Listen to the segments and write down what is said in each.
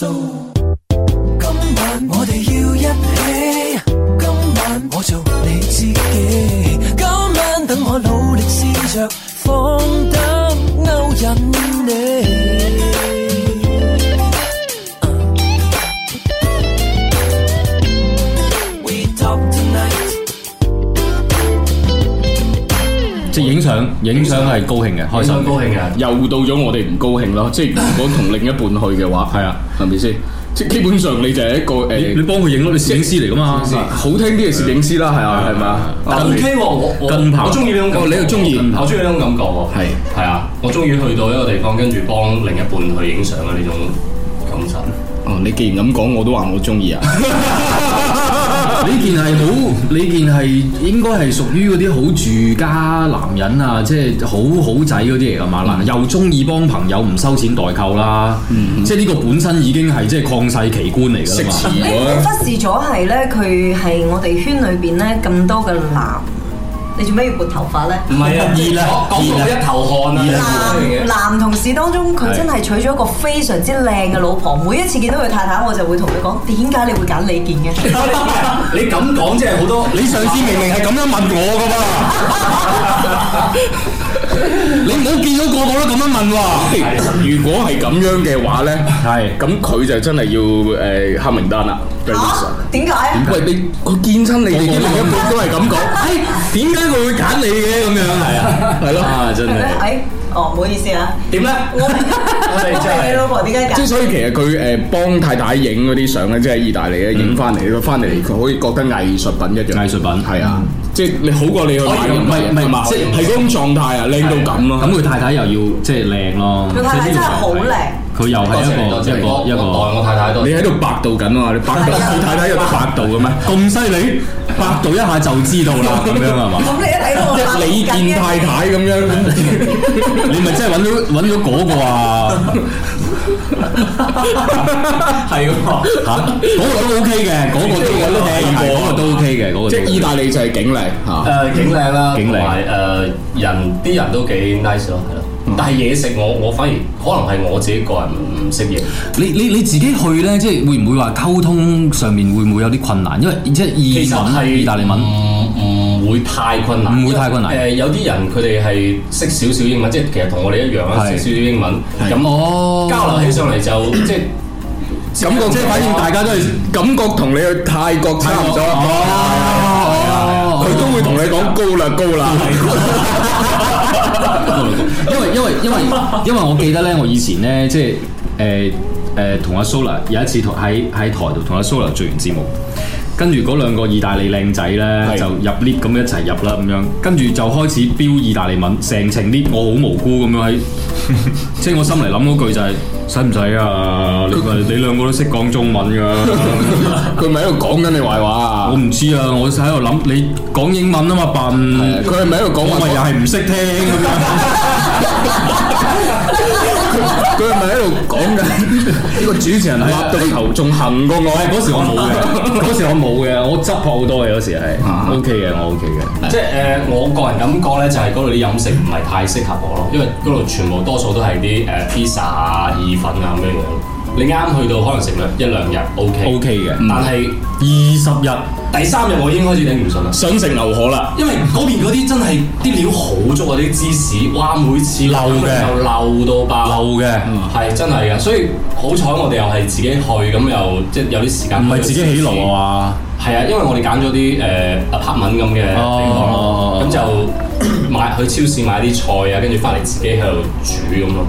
今晚我哋要一起，今晚我做你知己，今晚等我努力試着。影相係高興嘅，開心高興嘅，又到咗我哋唔高興咯。即係如果同另一半去嘅話，係啊，係咪先？即係基本上你就係一個誒，你幫佢影咯，你攝影師嚟噶嘛？好聽啲嘅攝影師啦，係啊，係咪啊？但係 OK，我近排我中意呢種感，你又中意？我中意呢種感覺。係係啊，我中意去到一個地方，跟住幫另一半去影相嘅呢種感受。哦，你既然咁講，我都話我中意啊。呢件係好，呢件係應該係屬於嗰啲好住家男人啊，即係好好仔嗰啲嚟噶嘛，嗱又中意幫朋友唔收錢代購啦，即係呢個本身已經係即係曠世奇觀嚟㗎嘛。你忽視咗係咧，佢係 我哋圈裏邊咧咁多嘅男。你做咩要撥頭髮咧？唔係啊，熱啦，焗到一頭汗啊！男同事當中，佢真係娶咗一個非常之靚嘅老婆。的每一次見到佢太太，我就會同佢講：點解你會揀李健嘅？ 你咁講即係好多， 你上次明明係咁樣問我噶噃。 你唔好見到個個都咁樣問喎。 如果係咁樣嘅話咧，係咁佢就真係要誒、呃、黑名單啦。啊？點解？喂，你佢見親你哋啲人，話話話都係咁講。 哎，點解佢會揀你嘅？咁樣係啊，係咯。 啊，真係。哦，唔好意思啊。點咧？即係你老婆點解？即係所以其實佢誒幫太太影嗰啲相咧，即係意大利咧影翻嚟，佢翻嚟佢可以覺得藝術品一樣。藝術品係啊，即係你好過你個。唔係唔係，即係係嗰種狀態啊，靚到咁咯。咁佢太太又要即係靚咯。佢太太真係好靚。佢又係一個一個一個，你喺度百度緊啊嘛？你百度太太有得百度嘅咩？咁犀利，百度一下就知道啦，咁樣係嘛？咁你一睇到李健太太咁樣，你咪真係揾到揾到嗰個啊？係喎，嗰個都 OK 嘅，嗰個都 OK 嘅，嗰個都 OK 嘅，嗰個即係意大利就係景靚嚇，誒景靚啦，同埋誒人啲人都幾 nice 咯。但係嘢食，我我反而可能係我自己個人唔識嘢。你你你自己去咧，即係會唔會話溝通上面會唔會有啲困難？因為即係意大利文唔唔會太困難，唔會太困難。誒，有啲人佢哋係識少少英文，即係其實同我哋一樣啊，識少少英文。咁我交流起上嚟就即係感覺，即係反映大家都係感覺同你去泰國差唔多，佢都會同你講高啦，高啦， 因為因為因為因為我記得咧，我以前咧，即係誒誒同阿 Soler 有一次同喺喺台度同阿 Soler 做完節目，跟住嗰兩個意大利靚仔咧是就入 lift 咁一齊入啦咁樣，跟住就開始飆意大利文，成程 lift 我好無辜咁樣喺。 即係我心嚟諗嗰句就係使唔使啊？你你兩個都識講中文噶，佢咪喺度講緊你壞話啊？ 我唔知啊，我喺度諗你講英文啊嘛笨，佢係咪喺度講我？又係唔識聽。 佢係咪喺度講緊呢個主持人係立到頭，仲行過我。嗰 是時我冇嘅，嗰 時我冇嘅，我執破好多嘅。嗰時係，O K 嘅，我 O K 嘅。 即係誒、呃，我個人感覺咧，就係嗰度啲飲食唔係太適合我咯，因為嗰度全部多數都係啲誒披薩、啊、意粉啊咁樣。你啱去到可能食咗一兩日，O K O K 嘅，OK OK、但係二十日第三日我已經開始頂唔順啦，想食牛河啦，因為嗰邊嗰啲真係啲料好足啊，啲芝士，哇每次流嘅，又流到爆，流嘅，係、嗯、真係嘅，所以好彩我哋又係自己去，咁又即係、就是、有啲時間，唔係自己起爐啊，係啊，因為我哋揀咗啲誒阿帕文咁嘅地方，咁、哦、就買去超市買啲菜啊，跟住返嚟自己喺度煮咁咯。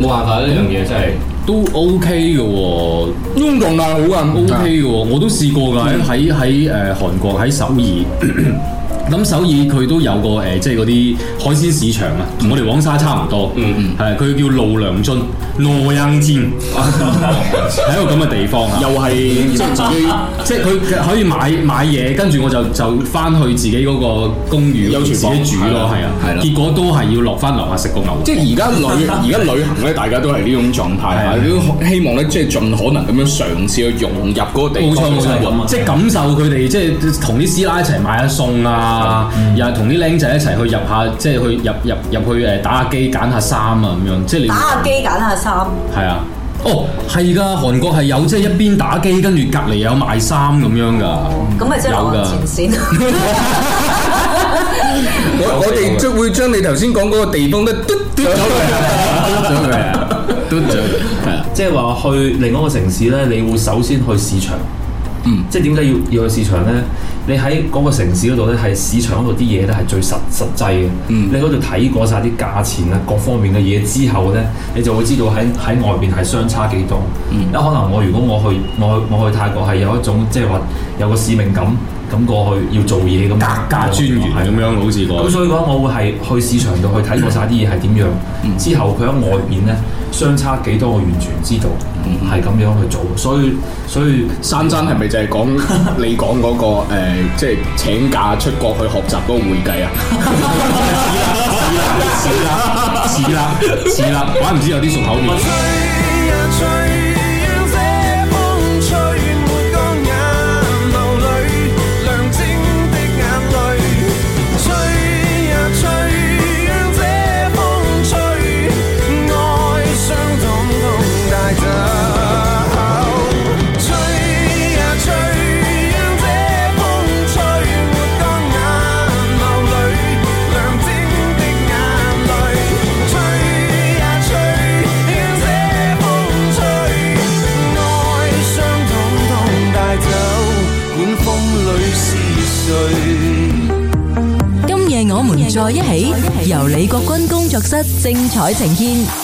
冇辦法，呢樣嘢真係都 OK 嘅喎沖大好啊、嗯、OK 嘅喎、哦，嗯、我都試過㗎喺喺喺誒韓國喺首爾。 咁首爾佢都有個即係嗰啲海鮮市場啊，同我哋黃沙差唔多，嗯嗯，係佢叫路良津路恩店，喺一個咁嘅地方啊，又係即係自己，即係佢可以買買嘢，跟住我就就翻去自己嗰個公寓，有廚房自己煮咯，係啊，結果都係要落翻樓下食個牛，即係而家旅行大家都係呢種狀態，都希望咧，即係盡可能咁樣嘗試去融入嗰個地方，即係感受佢哋，即係同啲師奶一齊買下餸啊。啊！又係同啲僆仔一齊去入下，即係去入入入去誒打下機、揀下衫啊咁樣，即係你打下機、揀下衫。係啊！哦，係噶，韓國係有即係一邊打機，跟住隔離有賣衫咁樣噶。咁咪真係往前線。我哋將會將你頭先講嗰個地方都嘟嘟咗去啊！都嘟，係啊！即係話去另外一個城市咧，你會首先去市場。嗯，即係點解要要去市場呢？你喺嗰個城市嗰度呢，係市場嗰度啲嘢呢，係最實實際嘅。嗯，你嗰度睇過晒啲價錢呀，各方面嘅嘢之後呢，你就會知道喺喺外邊係相差幾多。嗯，可能我如果我去，我去我去，我去泰國係有一種即係話有個使命感。咁過去要做嘢咁，格價家 casa 專員係咁樣吧，好似講。咁所以嘅我會係去市場度去睇過晒啲嘢係點樣， 之後佢喺外面咧相差幾多，我完全知道，係咁、mm hmm. 樣去做。所以所以，山山係咪就係講你講嗰、嗰個即係、 uh, 請假出國去學習嗰個會計啊？係 啦，係啦，係啦， 係啦，怪唔之有啲熟口面。今夜我們在一起，一起由李國君工作室精彩呈現。